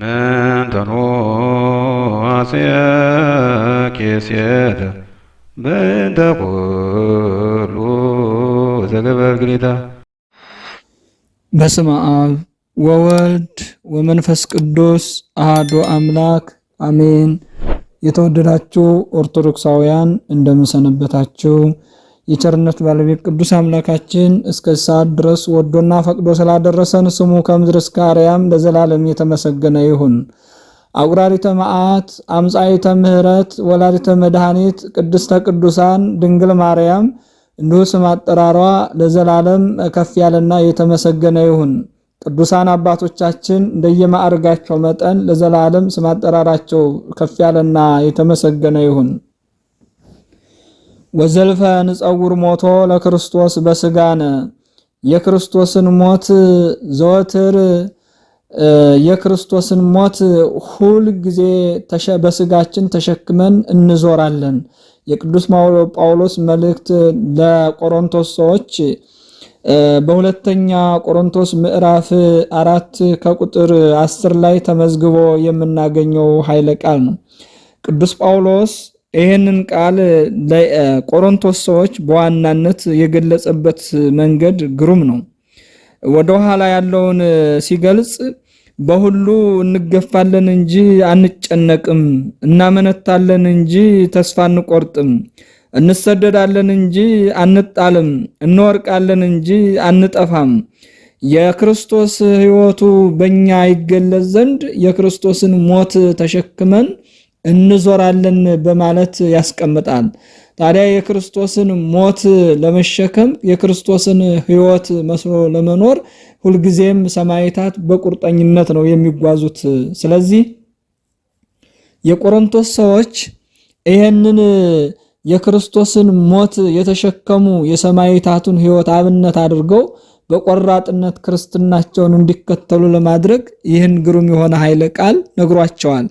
ምን ተኖአጽየኪ ሴተ በእንተ ኩሉ ዘገበር ግዴታ በስመ አብ ወወልድ ወመንፈስ ቅዱስ አሐዱ አምላክ አሜን። የተወደዳችሁ ኦርቶዶክሳውያን እንደምንሰነበታችሁ የቸርነት ባለቤት ቅዱስ አምላካችን እስከ ሰዓት ድረስ ወዶና ፈቅዶ ስላደረሰን ስሙ ከምድር እስከ አርያም ለዘላለም የተመሰገነ ይሁን። አቁራሪተ መዓት አምፃይተ ምሕረት ወላዲተ መድኃኒት ቅድስተ ቅዱሳን ድንግል ማርያም እንዲሁ ስም አጠራሯ ለዘላለም ከፍ ያለና የተመሰገነ ይሁን። ቅዱሳን አባቶቻችን እንደየማዕርጋቸው መጠን ለዘላለም ስም አጠራራቸው ከፍ ያለና የተመሰገነ ይሁን። ወዘልፈ ንጸውር ሞቶ ለክርስቶስ በስጋነ የክርስቶስን ሞት ዘወትር የክርስቶስን ሞት ሁል ጊዜ በስጋችን ተሸክመን እንዞራለን። የቅዱስ ጳውሎስ መልእክት ለቆሮንቶስ ሰዎች በሁለተኛ ቆሮንቶስ ምዕራፍ አራት ከቁጥር አስር ላይ ተመዝግቦ የምናገኘው ኃይለ ቃል ነው። ቅዱስ ጳውሎስ ይህንን ቃል ለቆሮንቶስ ሰዎች በዋናነት የገለጸበት መንገድ ግሩም ነው። ወደ ኋላ ያለውን ሲገልጽ በሁሉ እንገፋለን እንጂ አንጨነቅም፣ እናመነታለን እንጂ ተስፋ አንቆርጥም፣ እንሰደዳለን እንጂ አንጣልም፣ እንወርቃለን እንጂ አንጠፋም። የክርስቶስ ሕይወቱ በእኛ ይገለጽ ዘንድ የክርስቶስን ሞት ተሸክመን እንዞራለን በማለት ያስቀምጣል። ታዲያ የክርስቶስን ሞት ለመሸከም የክርስቶስን ሕይወት መስሎ ለመኖር ሁልጊዜም ሰማዕታት በቁርጠኝነት ነው የሚጓዙት። ስለዚህ የቆሮንቶስ ሰዎች ይህንን የክርስቶስን ሞት የተሸከሙ የሰማዕታቱን ሕይወት አብነት አድርገው በቆራጥነት ክርስትናቸውን እንዲከተሉ ለማድረግ ይህን ግሩም የሆነ ኃይለ ቃል ነግሯቸዋል።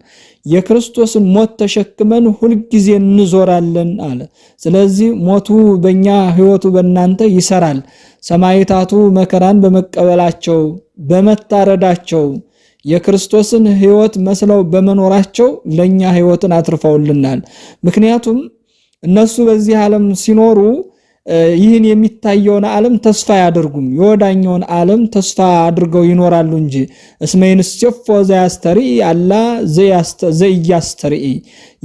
የክርስቶስን ሞት ተሸክመን ሁልጊዜ እንዞራለን አለ። ስለዚህ ሞቱ በእኛ ሕይወቱ በእናንተ ይሰራል። ሰማዕታቱ መከራን በመቀበላቸው በመታረዳቸው የክርስቶስን ሕይወት መስለው በመኖራቸው ለእኛ ሕይወትን አትርፈውልናል። ምክንያቱም እነሱ በዚህ ዓለም ሲኖሩ ይህን የሚታየውን ዓለም ተስፋ አያደርጉም፣ የወዳኛውን ዓለም ተስፋ አድርገው ይኖራሉ እንጂ እስመ ይንሴፎ ዘያስተርኢ አላ ዘኢያስተርኢ፣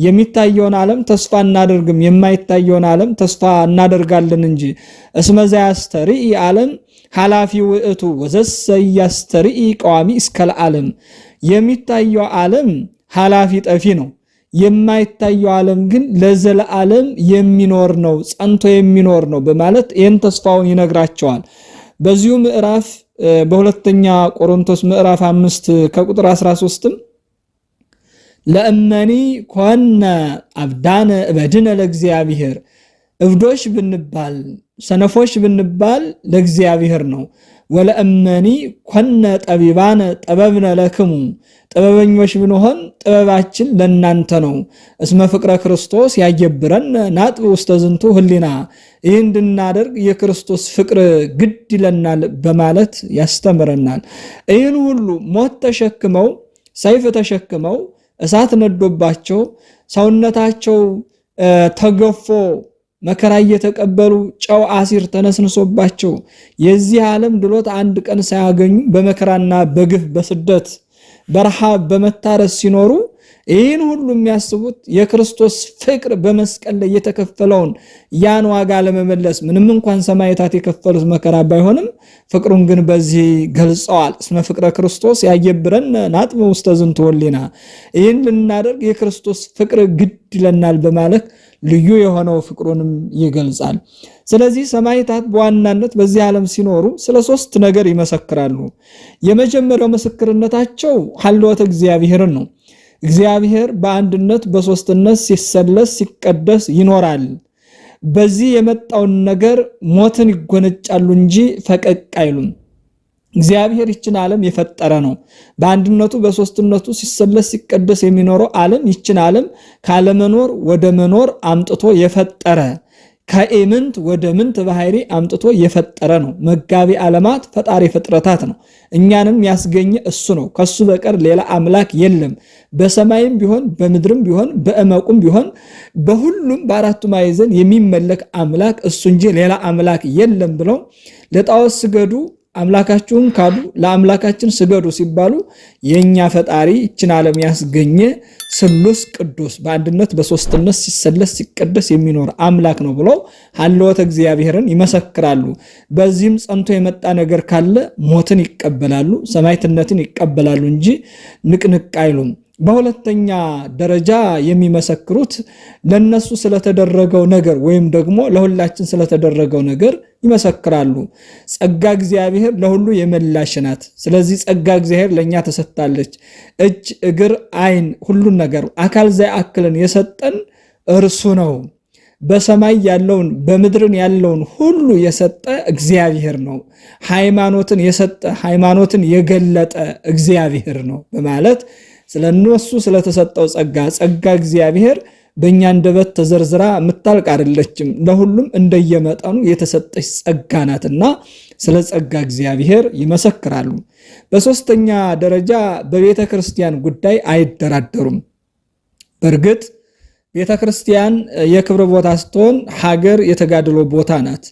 የሚታየውን ዓለም ተስፋ እናደርግም፣ የማይታየውን ዓለም ተስፋ እናደርጋለን እንጂ። እስመ ዘያስተርኢ ዓለም ኃላፊ ውእቱ ወዘሰ ኢያስተርኢ ቀዋሚ እስከ ለዓለም፣ የሚታየው ዓለም ኃላፊ ጠፊ ነው። የማይታየው ዓለም ግን ለዘለዓለም የሚኖር ነው፣ ጸንቶ የሚኖር ነው በማለት ይህን ተስፋውን ይነግራቸዋል። በዚሁ ምዕራፍ በሁለተኛ ቆሮንቶስ ምዕራፍ አምስት ከቁጥር 13ም ለእመኒ ኮነ አብዳነ እበድነ ለእግዚአብሔር እብዶች ብንባል ሰነፎች ብንባል ለእግዚአብሔር ነው። ወለእመኒ ኮነ ጠቢባነ ጠበብነ ለክሙ ጥበበኞች ብንሆን ጥበባችን ለእናንተ ነው። እስመ ፍቅረ ክርስቶስ ያገብረን ናጥብ ውስተ ዝንቱ ህሊና፣ ይህ እንድናደርግ የክርስቶስ ፍቅር ግድ ይለናል በማለት ያስተምረናል። ይህን ሁሉ ሞት ተሸክመው ሰይፍ ተሸክመው እሳት ነዶባቸው ሰውነታቸው ተገፎ መከራ እየተቀበሉ ጨው አሲር ተነስንሶባቸው የዚህ ዓለም ድሎት አንድ ቀን ሳያገኙ በመከራና በግፍ በስደት በረሃብ በመታረስ ሲኖሩ ይህን ሁሉ የሚያስቡት የክርስቶስ ፍቅር በመስቀል ላይ የተከፈለውን ያን ዋጋ ለመመለስ ምንም እንኳን ሰማዕታት የከፈሉት መከራ ባይሆንም ፍቅሩን ግን በዚህ ገልጸዋል። እስመ ፍቅረ ክርስቶስ ያየብረን ናጥመ ውስተ ዝንቱ ሕሊና፣ ይህን ልናደርግ የክርስቶስ ፍቅር ግድ ይለናል በማለት ልዩ የሆነው ፍቅሩንም ይገልጻል። ስለዚህ ሰማዕታት በዋናነት በዚህ ዓለም ሲኖሩ ስለ ሶስት ነገር ይመሰክራሉ። የመጀመሪያው ምስክርነታቸው ሀልወተ እግዚአብሔርን ነው። እግዚአብሔር በአንድነት በሶስትነት ሲሰለስ ሲቀደስ ይኖራል። በዚህ የመጣውን ነገር ሞትን ይጎነጫሉ እንጂ ፈቀቅ አይሉም። እግዚአብሔር ይችን ዓለም የፈጠረ ነው። በአንድነቱ በሶስትነቱ ሲሰለስ ሲቀደስ የሚኖረው ዓለም ይችን ዓለም ካለመኖር ወደ መኖር አምጥቶ የፈጠረ ከኢምንት ወደ ምንት ባህሪ አምጥቶ የፈጠረ ነው። መጋቢ ዓለማት ፈጣሪ ፍጥረታት ነው። እኛንም ያስገኘ እሱ ነው። ከሱ በቀር ሌላ አምላክ የለም። በሰማይም ቢሆን በምድርም ቢሆን በእመቁም ቢሆን በሁሉም በአራቱ ማዕዘን የሚመለክ አምላክ እሱ እንጂ ሌላ አምላክ የለም ብለው ለጣዖት ስገዱ አምላካችሁን ካዱ ለአምላካችን ስገዱ ሲባሉ የእኛ ፈጣሪ ይችን ዓለም ያስገኘ ስሉስ ቅዱስ በአንድነት በሶስትነት ሲሰለስ ሲቀደስ የሚኖር አምላክ ነው ብለው ሀለወት እግዚአብሔርን ይመሰክራሉ። በዚህም ጸንቶ የመጣ ነገር ካለ ሞትን ይቀበላሉ፣ ሰማይትነትን ይቀበላሉ እንጂ ንቅንቅ አይሉም። በሁለተኛ ደረጃ የሚመሰክሩት ለነሱ ስለተደረገው ነገር ወይም ደግሞ ለሁላችን ስለተደረገው ነገር ይመሰክራሉ። ጸጋ እግዚአብሔር ለሁሉ የመላሽ ናት። ስለዚህ ጸጋ እግዚአብሔር ለእኛ ተሰጥታለች። እጅ፣ እግር፣ ዓይን ሁሉን ነገር አካል አክልን የሰጠን እርሱ ነው። በሰማይ ያለውን በምድርን ያለውን ሁሉ የሰጠ እግዚአብሔር ነው። ሃይማኖትን የሰጠ ሃይማኖትን የገለጠ እግዚአብሔር ነው በማለት ስለ እነሱ ስለተሰጠው ጸጋ ጸጋ እግዚአብሔር በእኛ አንደበት ተዘርዝራ የምታልቅ አይደለችም። ለሁሉም እንደየመጠኑ የተሰጠች ጸጋ ናትና ስለ ጸጋ እግዚአብሔር ይመሰክራሉ። በሦስተኛ ደረጃ በቤተ ክርስቲያን ጉዳይ አይደራደሩም። በእርግጥ ቤተ ክርስቲያን የክብር ቦታ ስትሆን፣ ሀገር የተጋድሎ ቦታ ናት።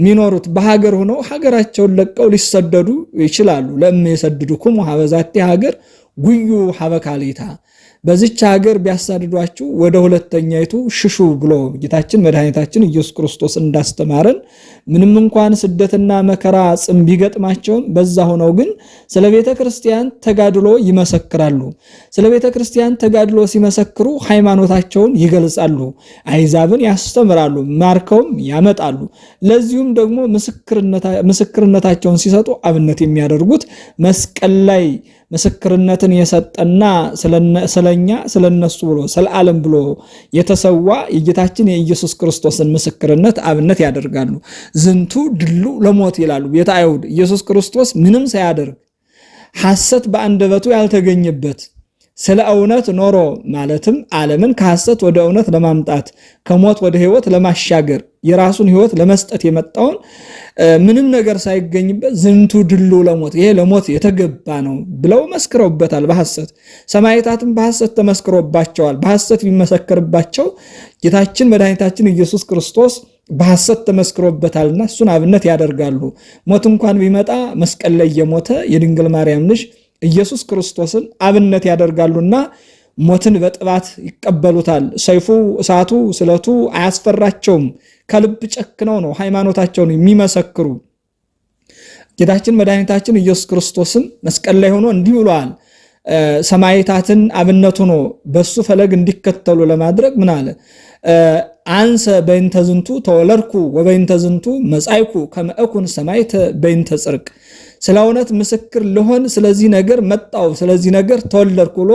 የሚኖሩት በሀገር ሆነው ሀገራቸውን ለቀው ሊሰደዱ ይችላሉ። ለእም የሰድዱኩም ሀበዛቴ ሀገር ጉዩ ሀበካሊታ በዚች ሀገር ቢያሳድዷችሁ ወደ ሁለተኛይቱ ሽሹ ብሎ ጌታችን መድኃኒታችን ኢየሱስ ክርስቶስ እንዳስተማረን ምንም እንኳን ስደትና መከራ ጽም ቢገጥማቸውም በዛ ሆነው ግን ስለ ቤተ ክርስቲያን ተጋድሎ ይመሰክራሉ። ስለ ቤተ ክርስቲያን ተጋድሎ ሲመሰክሩ ሃይማኖታቸውን ይገልጻሉ፣ አይዛብን ያስተምራሉ፣ ማርከውም ያመጣሉ። ለዚሁም ደግሞ ምስክርነታቸውን ሲሰጡ አብነት የሚያደርጉት መስቀል ላይ ምስክርነትን የሰጠና ስለኛ ስለነሱ ብሎ ስለ ዓለም ብሎ የተሰዋ የጌታችን የኢየሱስ ክርስቶስን ምስክርነት አብነት ያደርጋሉ። ዝንቱ ድሉ ለሞት ይላሉ ቤተ አይሁድ ኢየሱስ ክርስቶስ ምንም ሳያደርግ ሐሰት በአንደበቱ ያልተገኘበት ስለ እውነት ኖሮ ማለትም ዓለምን ከሐሰት ወደ እውነት ለማምጣት ከሞት ወደ ሕይወት ለማሻገር የራሱን ሕይወት ለመስጠት የመጣውን ምንም ነገር ሳይገኝበት ዝንቱ ድሉ ለሞት ይሄ ለሞት የተገባ ነው ብለው መስክረውበታል። በሐሰት ሰማዕታትም በሐሰት ተመስክሮባቸዋል። በሐሰት ቢመሰከርባቸው ጌታችን መድኃኒታችን ኢየሱስ ክርስቶስ በሐሰት ተመስክሮበታልና እሱን አብነት ያደርጋሉ። ሞት እንኳን ቢመጣ መስቀል ላይ የሞተ የድንግል ማርያም ልጅ ኢየሱስ ክርስቶስን አብነት ያደርጋሉና ሞትን በጥባት ይቀበሉታል። ሰይፉ፣ እሳቱ፣ ስለቱ አያስፈራቸውም። ከልብ ጨክነው ነው ሃይማኖታቸውን የሚመሰክሩ። ጌታችን መድኃኒታችን ኢየሱስ ክርስቶስን መስቀል ላይ ሆኖ እንዲህ ብለዋል። ሰማይታትን አብነት ሆኖ በሱ ፈለግ እንዲከተሉ ለማድረግ ምን አለ? አንሰ በይንተዝንቱ ተወለድኩ ወበይንተዝንቱ መጻይኩ ከመእኩን ሰማይተ በይንተ ጽርቅ ስለ እውነት ምስክር ልሆን ስለዚህ ነገር መጣው፣ ስለዚህ ነገር ተወለድኩ ብሎ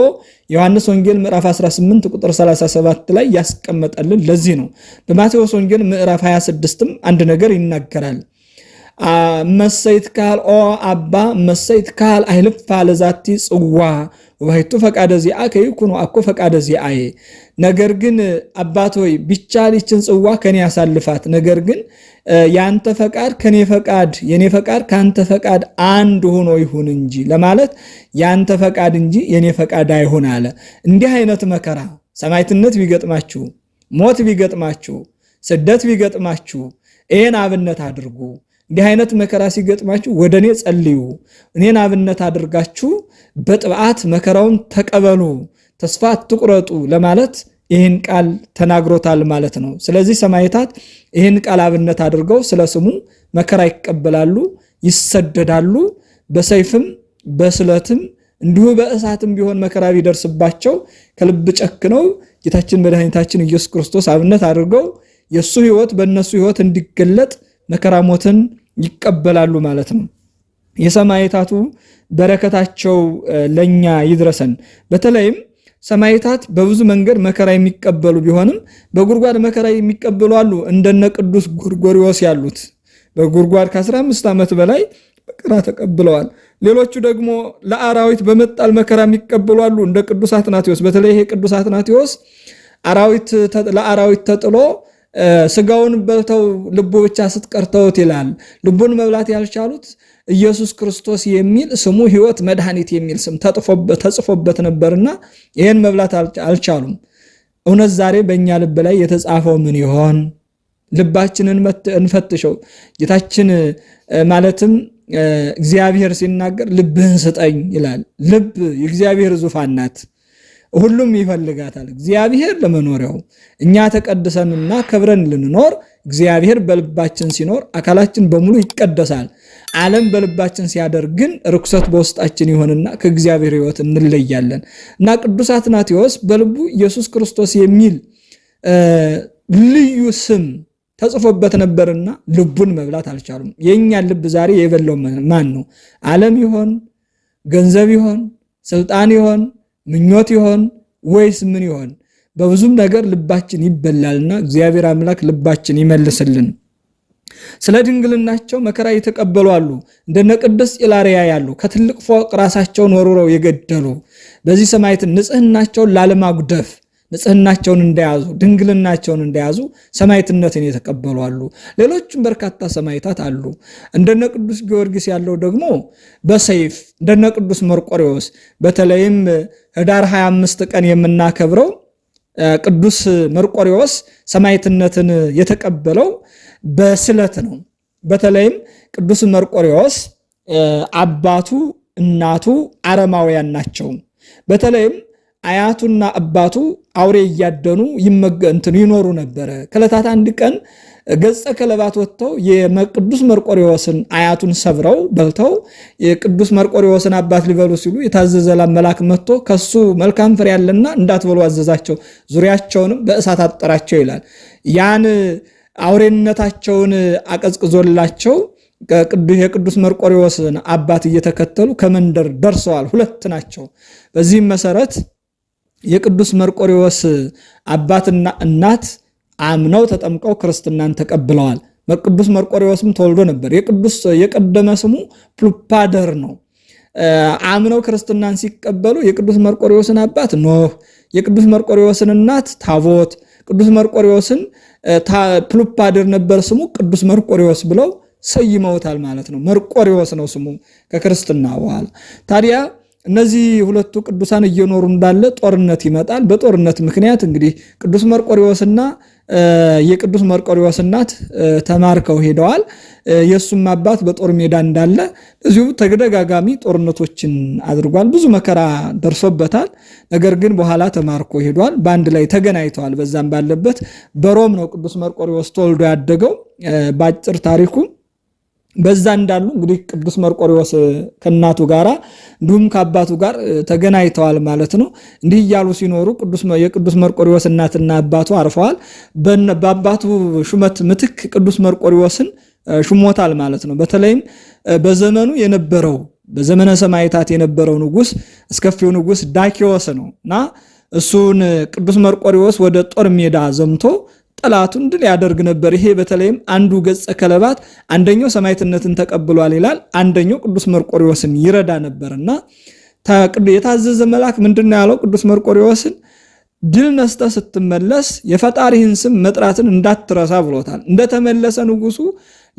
ዮሐንስ ወንጌል ምዕራፍ 18 ቁጥር 37 ላይ ያስቀመጠልን ለዚህ ነው። በማቴዎስ ወንጌል ምዕራፍ 26ም አንድ ነገር ይናገራል። መሰይት ካል ኦ አባ መሰይት ካል አይልፋ ለዛቲ ጽዋ ወባይቱ ፈቃደ ዚአከ ይኩኑ አኮ ፈቃደ ዚአየ። ነገር ግን አባት ሆይ ቢቻል ይችን ጽዋ ከኔ ያሳልፋት፣ ነገር ግን ያንተ ፈቃድ ከኔ ፈቃድ የኔ ፈቃድ ካንተ ፈቃድ አንድ ሆኖ ይሁን እንጂ ለማለት ያንተ ፈቃድ እንጂ የኔ ፈቃድ አይሁን አለ። እንዲህ አይነት መከራ ሰማይትነት ቢገጥማችሁ፣ ሞት ቢገጥማችሁ፣ ስደት ቢገጥማችሁ ይህን አብነት አድርጉ። እንዲህ አይነት መከራ ሲገጥማችሁ ወደ እኔ ጸልዩ፣ እኔን አብነት አድርጋችሁ በጥብዓት መከራውን ተቀበሉ፣ ተስፋ አትቁረጡ ለማለት ይህን ቃል ተናግሮታል ማለት ነው። ስለዚህ ሰማዕታት ይህን ቃል አብነት አድርገው ስለ ስሙ መከራ ይቀበላሉ፣ ይሰደዳሉ፣ በሰይፍም በስለትም እንዲሁ በእሳትም ቢሆን መከራ ቢደርስባቸው ከልብ ጨክነው ጌታችን መድኃኒታችን ኢየሱስ ክርስቶስ አብነት አድርገው የእሱ ሕይወት በእነሱ ሕይወት እንዲገለጥ መከራ ሞትን ይቀበላሉ ማለት ነው። የሰማዕታቱ በረከታቸው ለእኛ ይድረሰን። በተለይም ሰማዕታት በብዙ መንገድ መከራ የሚቀበሉ ቢሆንም በጉድጓድ መከራ የሚቀበሉ አሉ። እንደነ ቅዱስ ጎርጎሪዎስ ያሉት በጉድጓድ ከ15 ዓመት በላይ መከራ ተቀብለዋል። ሌሎቹ ደግሞ ለአራዊት በመጣል መከራ የሚቀበሉ አሉ። እንደ ቅዱስ አትናቴዎስ በተለይ ይሄ ቅዱስ አትናቴዎስ ለአራዊት ተጥሎ ስጋውን በልተው ልቡ ብቻ ስትቀርተውት ይላል። ልቡን መብላት ያልቻሉት ኢየሱስ ክርስቶስ የሚል ስሙ ሕይወት መድኃኒት የሚል ስም ተጽፎበት ነበርና ይህን መብላት አልቻሉም። እውነት ዛሬ በእኛ ልብ ላይ የተጻፈው ምን ይሆን? ልባችንን እንፈትሸው። ጌታችን ማለትም እግዚአብሔር ሲናገር ልብህን ስጠኝ ይላል። ልብ የእግዚአብሔር ዙፋን ናት። ሁሉም ይፈልጋታል። እግዚአብሔር ለመኖሪያው እኛ ተቀድሰንና ከብረን ልንኖር እግዚአብሔር በልባችን ሲኖር አካላችን በሙሉ ይቀደሳል። ዓለም በልባችን ሲያደር ግን ርኩሰት በውስጣችን ይሆንና ከእግዚአብሔር ሕይወት እንለያለን እና ቅዱስ አትናቴዎስ በልቡ ኢየሱስ ክርስቶስ የሚል ልዩ ስም ተጽፎበት ነበርና ልቡን መብላት አልቻሉም። የእኛን ልብ ዛሬ የበላው ማን ነው? ዓለም ይሆን? ገንዘብ ይሆን? ስልጣን ይሆን? ምኞት ይሆን ወይስ ምን ይሆን? በብዙም ነገር ልባችን ይበላልና እግዚአብሔር አምላክ ልባችን ይመልስልን። ስለ ድንግልናቸው መከራ የተቀበሉ አሉ። እንደነ ቅዱስ ኢላሪያ ያሉ ከትልቅ ፎቅ ራሳቸውን ወርውረው የገደሉ በዚህ ሰማዕት ንጽሕናቸውን ላለማጉደፍ ንጽህናቸውን እንደያዙ ድንግልናቸውን እንደያዙ ሰማዕትነትን የተቀበሉ አሉ። ሌሎችም በርካታ ሰማዕታት አሉ። እንደነ ቅዱስ ጊዮርጊስ ያለው ደግሞ በሰይፍ እንደነ ቅዱስ መርቆሬዎስ በተለይም ህዳር 25 ቀን የምናከብረው ቅዱስ መርቆሪዎስ ሰማይትነትን የተቀበለው በስለት ነው። በተለይም ቅዱስ መርቆሪዎስ አባቱ እናቱ አረማውያን ናቸው። በተለይም አያቱና አባቱ አውሬ እያደኑ ይመገንትን ይኖሩ ነበረ። ከዕለታት አንድ ቀን ገጸ ከለባት ወጥተው የቅዱስ መርቆሪዎስን አያቱን ሰብረው በልተው የቅዱስ መርቆሪዎስን አባት ሊበሉ ሲሉ የታዘዘ መልአክ መጥቶ ከሱ መልካም ፍሬ ያለና እንዳትበሉ አዘዛቸው፣ ዙሪያቸውንም በእሳት አጠራቸው ይላል። ያን አውሬነታቸውን አቀዝቅዞላቸው የቅዱስ መርቆሪዎስን አባት እየተከተሉ ከመንደር ደርሰዋል። ሁለት ናቸው። በዚህም መሰረት የቅዱስ መርቆሪዎስ አባትና እናት አምነው ተጠምቀው ክርስትናን ተቀብለዋል። ቅዱስ መርቆሪዎስም ተወልዶ ነበር። የቅዱስ የቀደመ ስሙ ፕሉፓደር ነው። አምነው ክርስትናን ሲቀበሉ የቅዱስ መርቆሪዎስን አባት ኖህ፣ የቅዱስ መርቆሪዎስን እናት ታቦት፣ ቅዱስ መርቆሪዎስን ፕሉፓደር ነበር ስሙ ቅዱስ መርቆሪዎስ ብለው ሰይመውታል ማለት ነው። መርቆሪዎስ ነው ስሙ ከክርስትና በኋላ ታዲያ እነዚህ ሁለቱ ቅዱሳን እየኖሩ እንዳለ ጦርነት ይመጣል። በጦርነት ምክንያት እንግዲህ ቅዱስ መርቆሪዎስና የቅዱስ መርቆሪዎስ እናት ተማርከው ሄደዋል። የእሱም አባት በጦር ሜዳ እንዳለ እዚሁ ተደጋጋሚ ጦርነቶችን አድርጓል። ብዙ መከራ ደርሶበታል። ነገር ግን በኋላ ተማርኮ ሄዷል። በአንድ ላይ ተገናኝተዋል። በዛም ባለበት በሮም ነው ቅዱስ መርቆሪዎስ ተወልዶ ያደገው በአጭር ታሪኩ በዛ እንዳሉ እንግዲህ ቅዱስ መርቆሪዎስ ከእናቱ ጋራ እንዲሁም ከአባቱ ጋር ተገናኝተዋል ማለት ነው። እንዲህ እያሉ ሲኖሩ የቅዱስ መርቆሪዎስ እናትና አባቱ አርፈዋል። በአባቱ ሹመት ምትክ ቅዱስ መርቆሪዎስን ሹሞታል ማለት ነው። በተለይም በዘመኑ የነበረው በዘመነ ሰማይታት የነበረው ንጉስ እስከፊው ንጉስ ዳኪዎስ ነው እና እሱን ቅዱስ መርቆሪዎስ ወደ ጦር ሜዳ ዘምቶ ጠላቱን ድል ያደርግ ነበር። ይሄ በተለይም አንዱ ገጸ ከለባት አንደኛው ሰማዕትነትን ተቀብሏል ይላል፣ አንደኛው ቅዱስ መርቆሪዎስን ይረዳ ነበርና የታዘዘ መልአክ ምንድነው ያለው? ቅዱስ መርቆሪዎስን ድል ነስተ ስትመለስ የፈጣሪህን ስም መጥራትን እንዳትረሳ ብሎታል። እንደተመለሰ ንጉሱ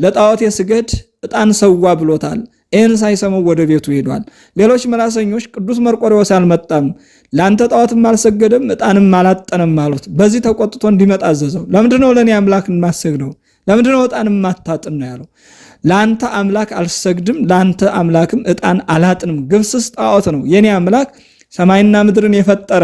ለጣዖት የስገድ ዕጣን ሰዋ ብሎታል። ይህን ሳይሰሙ ወደ ቤቱ ሄዷል። ሌሎች መላሰኞች ቅዱስ መርቆሪዎስ አልመጣም፣ ለአንተ ጣዖትም አልሰገደም፣ ዕጣንም አላጠነም አሉት። በዚህ ተቆጥቶ እንዲመጣ አዘዘው። ለምንድነው ለእኔ አምላክ የማሰግደው? ለምንድነው ዕጣን የማታጥን ነው ያለው። ለአንተ አምላክ አልሰግድም፣ ለአንተ አምላክም ዕጣን አላጥንም። ግብስስ ጣዖት ነው። የኔ አምላክ ሰማይና ምድርን የፈጠረ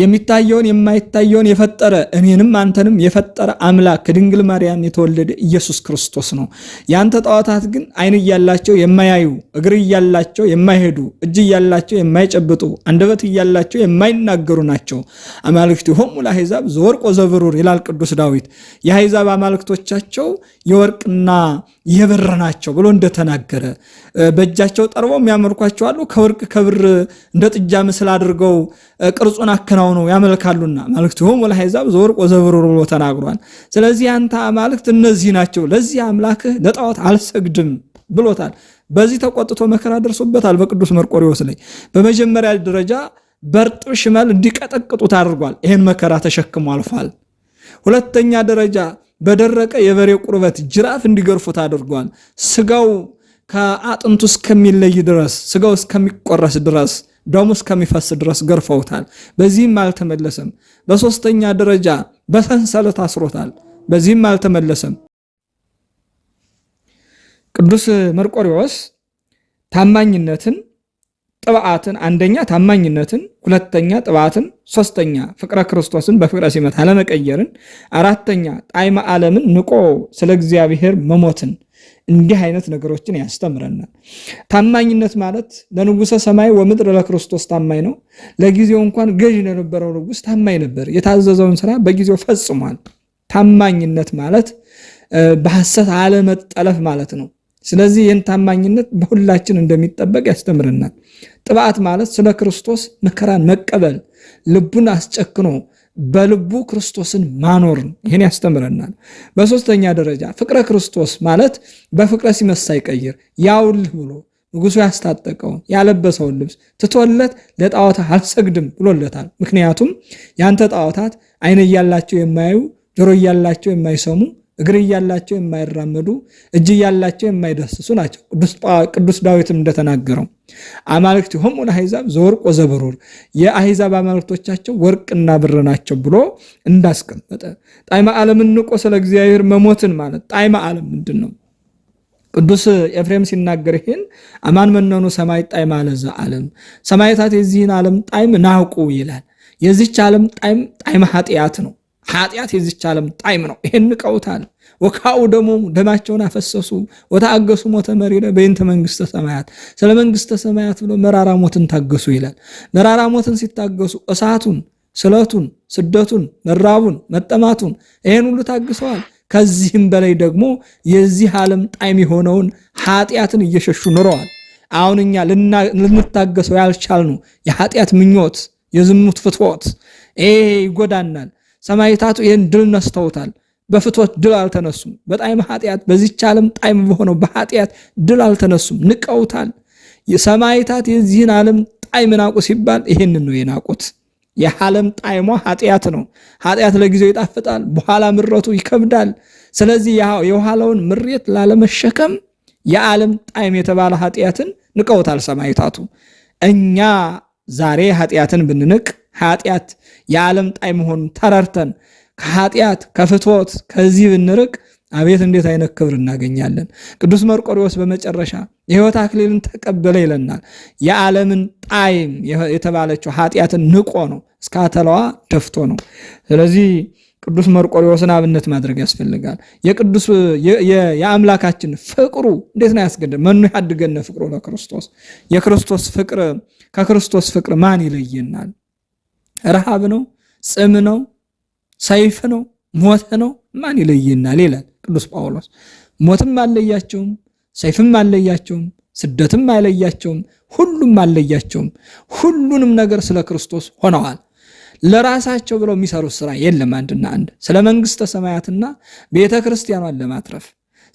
የሚታየውን የማይታየውን የፈጠረ እኔንም አንተንም የፈጠረ አምላክ ከድንግል ማርያም የተወለደ ኢየሱስ ክርስቶስ ነው። ያንተ ጣዖታት ግን ዓይን እያላቸው የማያዩ እግር እያላቸው የማይሄዱ እጅ እያላቸው የማይጨብጡ አንደበት እያላቸው የማይናገሩ ናቸው። አማልክቲ አማልክቲሆሙ ለአሕዛብ ዘወርቅ ወዘብሩር ይላል ቅዱስ ዳዊት። የአሕዛብ አማልክቶቻቸው የወርቅና የብር ናቸው ብሎ እንደተናገረ በእጃቸው ጠርበው የሚያመልኳቸው አሉ። ከወርቅ ከብር እንደ ጥጃ ምስል አድርገው ቅርጹን አከናውነው ያመልካሉና አማልክቲሆሙ ለአሕዛብ ዘወርቅ ወዘብሩ ብሎ ተናግሯል። ስለዚህ አንተ አማልክት እነዚህ ናቸው፣ ለዚህ አምላክህ ለጣዖት አልሰግድም ብሎታል። በዚህ ተቆጥቶ መከራ ደርሶበታል። በቅዱስ መርቆሪዎስ ላይ በመጀመሪያ ደረጃ በርጡ ሽመል እንዲቀጠቅጡት አድርጓል። ይህን መከራ ተሸክሞ አልፏል። ሁለተኛ ደረጃ በደረቀ የበሬ ቁርበት ጅራፍ እንዲገርፉት አድርጓል። ስጋው ከአጥንቱ እስከሚለይ ድረስ፣ ስጋው እስከሚቆረስ ድረስ፣ ደሙ እስከሚፈስ ድረስ ገርፈውታል። በዚህም አልተመለሰም። በሶስተኛ ደረጃ በሰንሰለት አስሮታል። በዚህም አልተመለሰም። ቅዱስ መርቆሪዎስ ታማኝነትን ጥብዓትን አንደኛ ታማኝነትን፣ ሁለተኛ ጥብዓትን፣ ሶስተኛ ፍቅረ ክርስቶስን በፍቅረ ሲመት አለመቀየርን፣ አራተኛ ጣይመ ዓለምን ንቆ ስለ እግዚአብሔር መሞትን እንዲህ አይነት ነገሮችን ያስተምረናል። ታማኝነት ማለት ለንጉሰ ሰማይ ወምድር ለክርስቶስ ታማኝ ነው። ለጊዜው እንኳን ገዥ ለነበረው ንጉስ ታማኝ ነበር። የታዘዘውን ስራ በጊዜው ፈጽሟል። ታማኝነት ማለት በሐሰት አለመጠለፍ ማለት ነው። ስለዚህ ይህን ታማኝነት በሁላችን እንደሚጠበቅ ያስተምረናል። ጥብዓት ማለት ስለ ክርስቶስ መከራን መቀበል፣ ልቡን አስጨክኖ በልቡ ክርስቶስን ማኖርን ይህን ያስተምረናል። በሶስተኛ ደረጃ ፍቅረ ክርስቶስ ማለት በፍቅረ ሲመሳ ይቀይር ያውልህ ብሎ ንጉሱ ያስታጠቀውን ያለበሰውን ልብስ ትቶለት ለጣዖታ አልሰግድም ብሎለታል። ምክንያቱም ያንተ ጣዖታት አይን እያላቸው የማያዩ ጆሮ እያላቸው የማይሰሙ እግር እያላቸው የማይራመዱ እጅ እያላቸው የማይዳስሱ ናቸው። ቅዱስ ዳዊትም እንደተናገረው አማልክት ሆሙ ለአሕዛብ ዘወርቅ ወዘበሩር የአሕዛብ አማልክቶቻቸው ወርቅና ብር ናቸው ብሎ እንዳስቀመጠ ጣዕመ ዓለም ንቆ ስለ እግዚአብሔር መሞትን ማለት ጣዕመ ዓለም ምንድን ነው? ቅዱስ ኤፍሬም ሲናገር ይህን አማን መነኑ ሰማይ ጣዕመ አለዘ ዓለም ሰማይታት የዚህን ዓለም ጣይም ናውቁ ይላል። የዚች ዓለም ጣይም ጣዕመ ኃጢአት ነው። ኃጢአት የዚች ዓለም ጣዕም ነው። ይሄን ንቀውታል። ወካኡ ደሞ ደማቸውን አፈሰሱ። ወታገሱ ሞተ መሪረ በይንተ መንግስተ ሰማያት፣ ስለ መንግስተ ሰማያት ብሎ መራራ ሞትን ታገሱ ይላል። መራራ ሞትን ሲታገሱ እሳቱን፣ ስለቱን፣ ስደቱን፣ መራቡን፣ መጠማቱን ይሄን ሁሉ ታግሰዋል። ከዚህም በላይ ደግሞ የዚህ ዓለም ጣዕም የሆነውን ኃጢአትን እየሸሹ ኑረዋል። አሁን እኛ ልንታገሰው ያልቻልነው የኃጢአት ምኞት፣ የዝሙት ፍትወት ይሄ ይጎዳናል። ሰማይታቱ ይህን ድል ነስተውታል። በፍትወት ድል አልተነሱም። በጣም ኃጢአት በዚች ዓለም ጣይም በሆነው በኃጢአት ድል አልተነሱም፣ ንቀውታል። የሰማይታት የዚህን ዓለም ጣዕም ናቁ ሲባል ይህንን ነው የናቁት። የዓለም ጣዕሟ ኃጢአት ነው። ኃጢአት ለጊዜው ይጣፍጣል፣ በኋላ ምረቱ ይከብዳል። ስለዚህ የኋላውን ምሬት ላለመሸከም የዓለም ጣይም የተባለ ኃጢአትን ንቀውታል ሰማይታቱ። እኛ ዛሬ ኃጢአትን ብንንቅ ኃጢአት የዓለም ጣይ መሆኑን ተረርተን ከኃጢአት ከፍትወት ከዚህ ብንርቅ አቤት እንዴት አይነት ክብር እናገኛለን። ቅዱስ መርቆሪዎስ በመጨረሻ የሕይወት አክሊልን ተቀበለ ይለናል። የዓለምን ጣይም የተባለችው ኃጢአትን ንቆ ነው፣ እስከ አተላዋ ደፍቶ ነው። ስለዚህ ቅዱስ መርቆሪዎስን አብነት ማድረግ ያስፈልጋል። የቅዱስ የአምላካችን ፍቅሩ እንዴት ነው ያስገደ መኑ ያድገነ ፍቅሩ ለክርስቶስ የክርስቶስ ፍቅር ከክርስቶስ ፍቅር ማን ይለየናል? ረሃብ ነው፣ ጽም ነው፣ ሰይፍ ነው፣ ሞት ነው፣ ማን ይለይናል ይላል ቅዱስ ጳውሎስ። ሞትም አለያቸውም፣ ሰይፍም አለያቸውም፣ ስደትም አይለያቸውም፣ ሁሉም አለያቸውም። ሁሉንም ነገር ስለ ክርስቶስ ሆነዋል። ለራሳቸው ብለው የሚሰሩት ስራ የለም። አንድና አንድ ስለ መንግስተ ሰማያትና ቤተ ክርስቲያኗን ለማትረፍ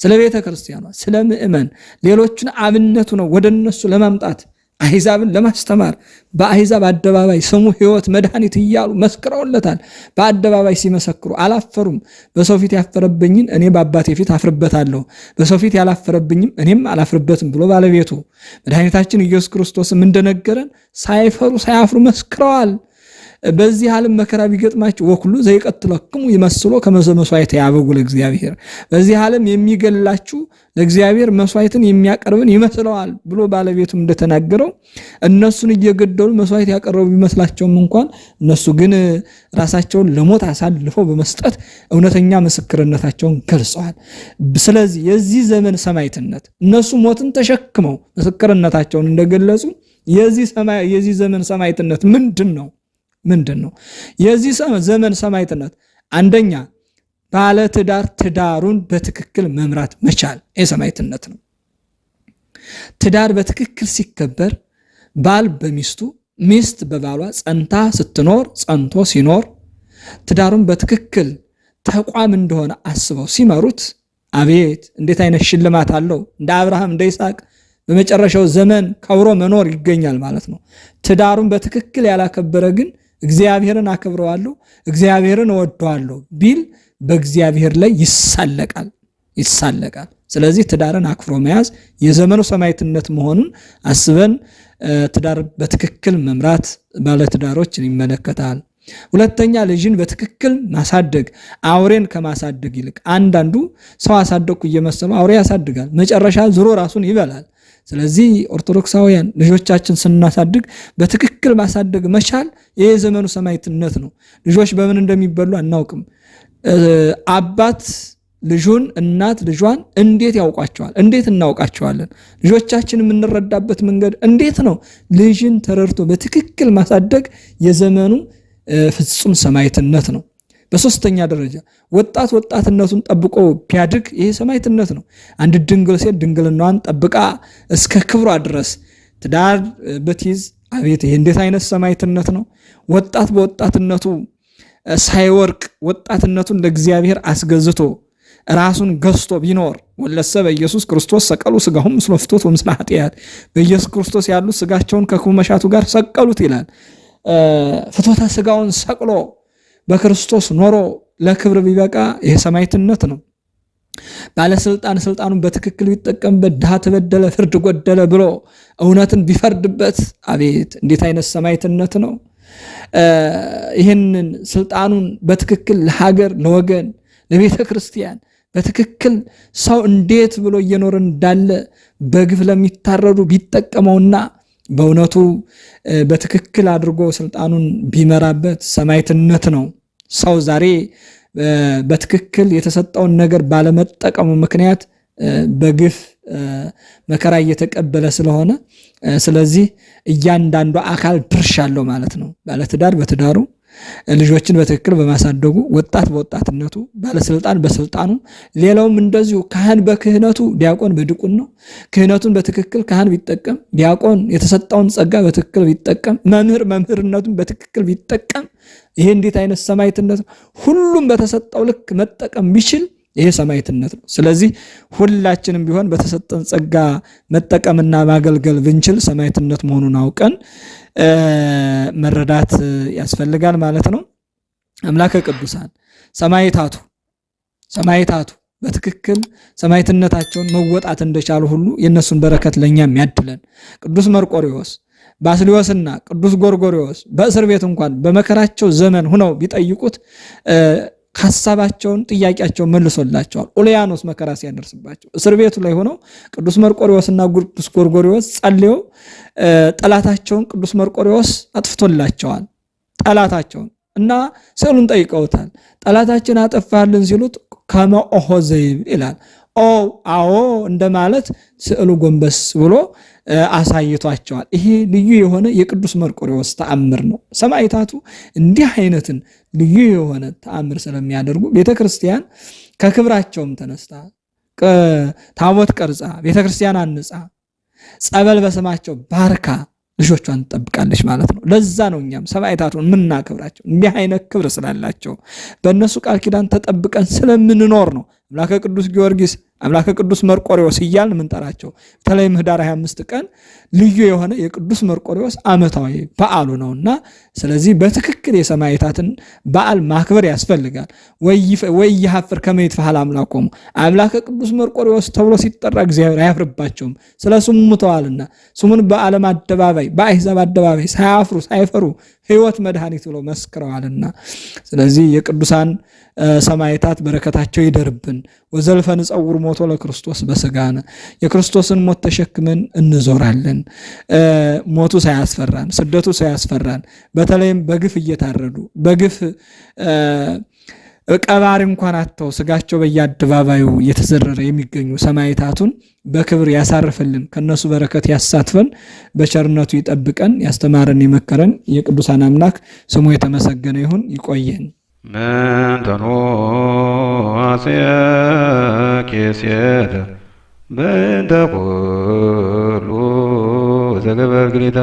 ስለ ቤተ ክርስቲያኗ፣ ስለ ምእመን ሌሎችን አብነቱ ነው ወደ እነሱ ለማምጣት አሕዛብን ለማስተማር በአሕዛብ አደባባይ ስሙ ሕይወት መድኃኒት እያሉ መስክረውለታል። በአደባባይ ሲመሰክሩ አላፈሩም። በሰው ፊት ያፈረብኝን እኔ በአባቴ ፊት አፍርበታለሁ፣ በሰው ፊት ያላፈረብኝም እኔም አላፍርበትም ብሎ ባለቤቱ መድኃኒታችን ኢየሱስ ክርስቶስም እንደነገረን ሳይፈሩ ሳያፍሩ መስክረዋል። በዚህ ዓለም መከራ ቢገጥማችሁ ወኩሉ ዘይቀትለክሙ ይመስሎ ከመዘ መስዋዕት ያበጉ ለእግዚአብሔር በዚህ ዓለም የሚገላችሁ ለእግዚአብሔር መስዋዕትን የሚያቀርብን ይመስለዋል ብሎ ባለቤቱም እንደተናገረው እነሱን እየገደሉ መስዋዕት ያቀረቡ ቢመስላቸውም እንኳን እነሱ ግን ራሳቸውን ለሞት አሳልፈው በመስጠት እውነተኛ ምስክርነታቸውን ገልጸዋል። ስለዚህ የዚህ ዘመን ሰማዕትነት እነሱ ሞትን ተሸክመው ምስክርነታቸውን እንደገለጹ የዚህ ዘመን ሰማዕትነት ምንድን ነው? ምንድን ነው? የዚህ ዘመን ሰማዕትነት አንደኛ ባለ ትዳር ትዳሩን በትክክል መምራት መቻል የሰማዕትነት ነው። ትዳር በትክክል ሲከበር ባል በሚስቱ ሚስት በባሏ ጸንታ ስትኖር ጸንቶ ሲኖር ትዳሩን በትክክል ተቋም እንደሆነ አስበው ሲመሩት አቤት እንዴት አይነት ሽልማት አለው! እንደ አብርሃም እንደ ይስሐቅ በመጨረሻው ዘመን ከብሮ መኖር ይገኛል ማለት ነው። ትዳሩን በትክክል ያላከበረ ግን እግዚአብሔርን አከብረዋለሁ፣ እግዚአብሔርን እወደዋለሁ ቢል በእግዚአብሔር ላይ ይሳለቃል ይሳለቃል። ስለዚህ ትዳርን አክብሮ መያዝ የዘመኑ ሰማዕትነት መሆኑን አስበን ትዳር በትክክል መምራት ባለትዳሮችን ይመለከታል። ሁለተኛ ልጅን በትክክል ማሳደግ አውሬን ከማሳደግ ይልቅ አንዳንዱ ሰው አሳደግኩ እየመሰሉ አውሬ ያሳድጋል። መጨረሻ ዝሮ ራሱን ይበላል። ስለዚህ ኦርቶዶክሳውያን ልጆቻችን ስናሳድግ በትክክል ማሳደግ መቻል ይሄ የዘመኑ ሰማዕትነት ነው። ልጆች በምን እንደሚበሉ አናውቅም። አባት ልጁን እናት ልጇን እንዴት ያውቋቸዋል? እንዴት እናውቃቸዋለን? ልጆቻችን የምንረዳበት መንገድ እንዴት ነው? ልጅን ተረድቶ በትክክል ማሳደግ የዘመኑ ፍጹም ሰማዕትነት ነው። በሶስተኛ ደረጃ ወጣት ወጣትነቱን ጠብቆ ቢያድግ ይሄ ሰማዕትነት ነው። አንድ ድንግል ሴት ድንግልናዋን ጠብቃ እስከ ክብሯ ድረስ ትዳር ብትይዝ አቤት ይሄ እንዴት አይነት ሰማዕትነት ነው! ወጣት በወጣትነቱ ሳይወርቅ ወጣትነቱን ለእግዚአብሔር አስገዝቶ ራሱን ገዝቶ ቢኖር ወለሰ በኢየሱስ ክርስቶስ ሰቀሉ ስጋሁም ምስለ ፍትወት ወምስለ ኃጢአት፣ በኢየሱስ ክርስቶስ ያሉት ስጋቸውን ከክፉ መሻቱ ጋር ሰቀሉት ይላል። ፍትወታ ስጋውን ሰቅሎ በክርስቶስ ኖሮ ለክብር ቢበቃ ይሄ ሰማዕትነት ነው። ባለስልጣን ስልጣኑን በትክክል ቢጠቀምበት፣ ድሃ ተበደለ፣ ፍርድ ጎደለ ብሎ እውነትን ቢፈርድበት፣ አቤት እንዴት አይነት ሰማዕትነት ነው! ይህንን ስልጣኑን በትክክል ለሀገር፣ ለወገን፣ ለቤተ ክርስቲያን በትክክል ሰው እንዴት ብሎ እየኖረ እንዳለ በግፍ ለሚታረዱ ቢጠቀመውና በእውነቱ በትክክል አድርጎ ስልጣኑን ቢመራበት ሰማይትነት ነው። ሰው ዛሬ በትክክል የተሰጠውን ነገር ባለመጠቀሙ ምክንያት በግፍ መከራ እየተቀበለ ስለሆነ፣ ስለዚህ እያንዳንዱ አካል ድርሻ አለው ማለት ነው። ባለትዳር በትዳሩ ልጆችን በትክክል በማሳደጉ ወጣት በወጣትነቱ፣ ባለስልጣን በስልጣኑ፣ ሌላውም እንደዚሁ ካህን በክህነቱ፣ ዲያቆን በድቁን ነው። ክህነቱን በትክክል ካህን ቢጠቀም፣ ዲያቆን የተሰጠውን ጸጋ በትክክል ቢጠቀም፣ መምህር መምህርነቱን በትክክል ቢጠቀም፣ ይሄ እንዴት አይነት ሰማይትነት ሁሉም በተሰጠው ልክ መጠቀም ቢችል ይሄ ሰማይትነት ነው። ስለዚህ ሁላችንም ቢሆን በተሰጠን ጸጋ መጠቀምና ማገልገል ብንችል ሰማይትነት መሆኑን አውቀን መረዳት ያስፈልጋል ማለት ነው። አምላከ ቅዱሳን ሰማዕታቱ ሰማዕታቱ በትክክል ሰማይትነታቸውን መወጣት እንደቻሉ ሁሉ የእነሱን በረከት ለእኛም ያድለን። ቅዱስ መርቆሪዎስ ባስሊዮስና ቅዱስ ጎርጎሪዎስ በእስር ቤት እንኳን በመከራቸው ዘመን ሁነው ቢጠይቁት ሀሳባቸውን፣ ጥያቄያቸውን መልሶላቸዋል። ኡልያኖስ መከራ ሲያደርስባቸው እስር ቤቱ ላይ ሆነው ቅዱስ መርቆሪዎስና ቅዱስ ጎርጎሪዎስ ጸልየው ጠላታቸውን ቅዱስ መርቆሪዎስ አጥፍቶላቸዋል። ጠላታቸውን እና ስዕሉን ጠይቀውታል። ጠላታችን አጠፋልን ሲሉት ከመ ይላል ኦ አዎ እንደማለት ስዕሉ ጎንበስ ብሎ አሳይቷቸዋል። ይሄ ልዩ የሆነ የቅዱስ መርቆሪዎስ ተአምር ነው። ሰማዕታቱ እንዲህ አይነትን ልዩ የሆነ ተአምር ስለሚያደርጉ ቤተ ክርስቲያን ከክብራቸውም ተነስታ ታቦት ቀርጻ ቤተ ክርስቲያን አንጻ ጸበል በስማቸው ባርካ ልጆቿን ትጠብቃለች ማለት ነው። ለዛ ነው እኛም ሰማዕታቱን የምናከብራቸው እንዲህ አይነት ክብር ስላላቸው በእነሱ ቃል ኪዳን ተጠብቀን ስለምንኖር ነው። አምላከ ቅዱስ ጊዮርጊስ አምላከ ቅዱስ መርቆሬዎስ እያልን የምንጠራቸው በተለይም ምህዳር 25 ቀን ልዩ የሆነ የቅዱስ መርቆሪዎስ ዓመታዊ በዓሉ ነውና፣ ስለዚህ በትክክል የሰማዕታትን በዓል ማክበር ያስፈልጋል። ወይ ይሐፍር ከመ ይትፈሃል አምላኮሙ አምላከ ቅዱስ መርቆሪዎስ ተብሎ ሲጠራ እግዚአብሔር አያፍርባቸውም፣ ስለ ስሙ ሙተዋልና። ስሙን በዓለም አደባባይ በአሕዛብ አደባባይ ሳያፍሩ ሳይፈሩ ሕይወት መድኃኒት ብሎ መስክረዋልና፣ ስለዚህ የቅዱሳን ሰማዕታት በረከታቸው ይደርብን። ወዘልፈ ንጸውር ሞቶ ለክርስቶስ በስጋነ የክርስቶስን ሞት ተሸክመን እንዞራለን። ሞቱ ሳያስፈራን፣ ስደቱ ሳያስፈራን፣ በተለይም በግፍ እየታረዱ በግፍ ቀባሪ እንኳን አጥተው ስጋቸው በየአደባባዩ እየተዘረረ የሚገኙ ሰማዕታቱን በክብር ያሳርፍልን፣ ከነሱ በረከት ያሳትፈን፣ በቸርነቱ ይጠብቀን። ያስተማረን የመከረን የቅዱሳን አምላክ ስሙ የተመሰገነ ይሁን። ይቆየን። ምን ተኖአጽየኪ ሴተ በእንተ ኩሉ ዘገበ ግሊታ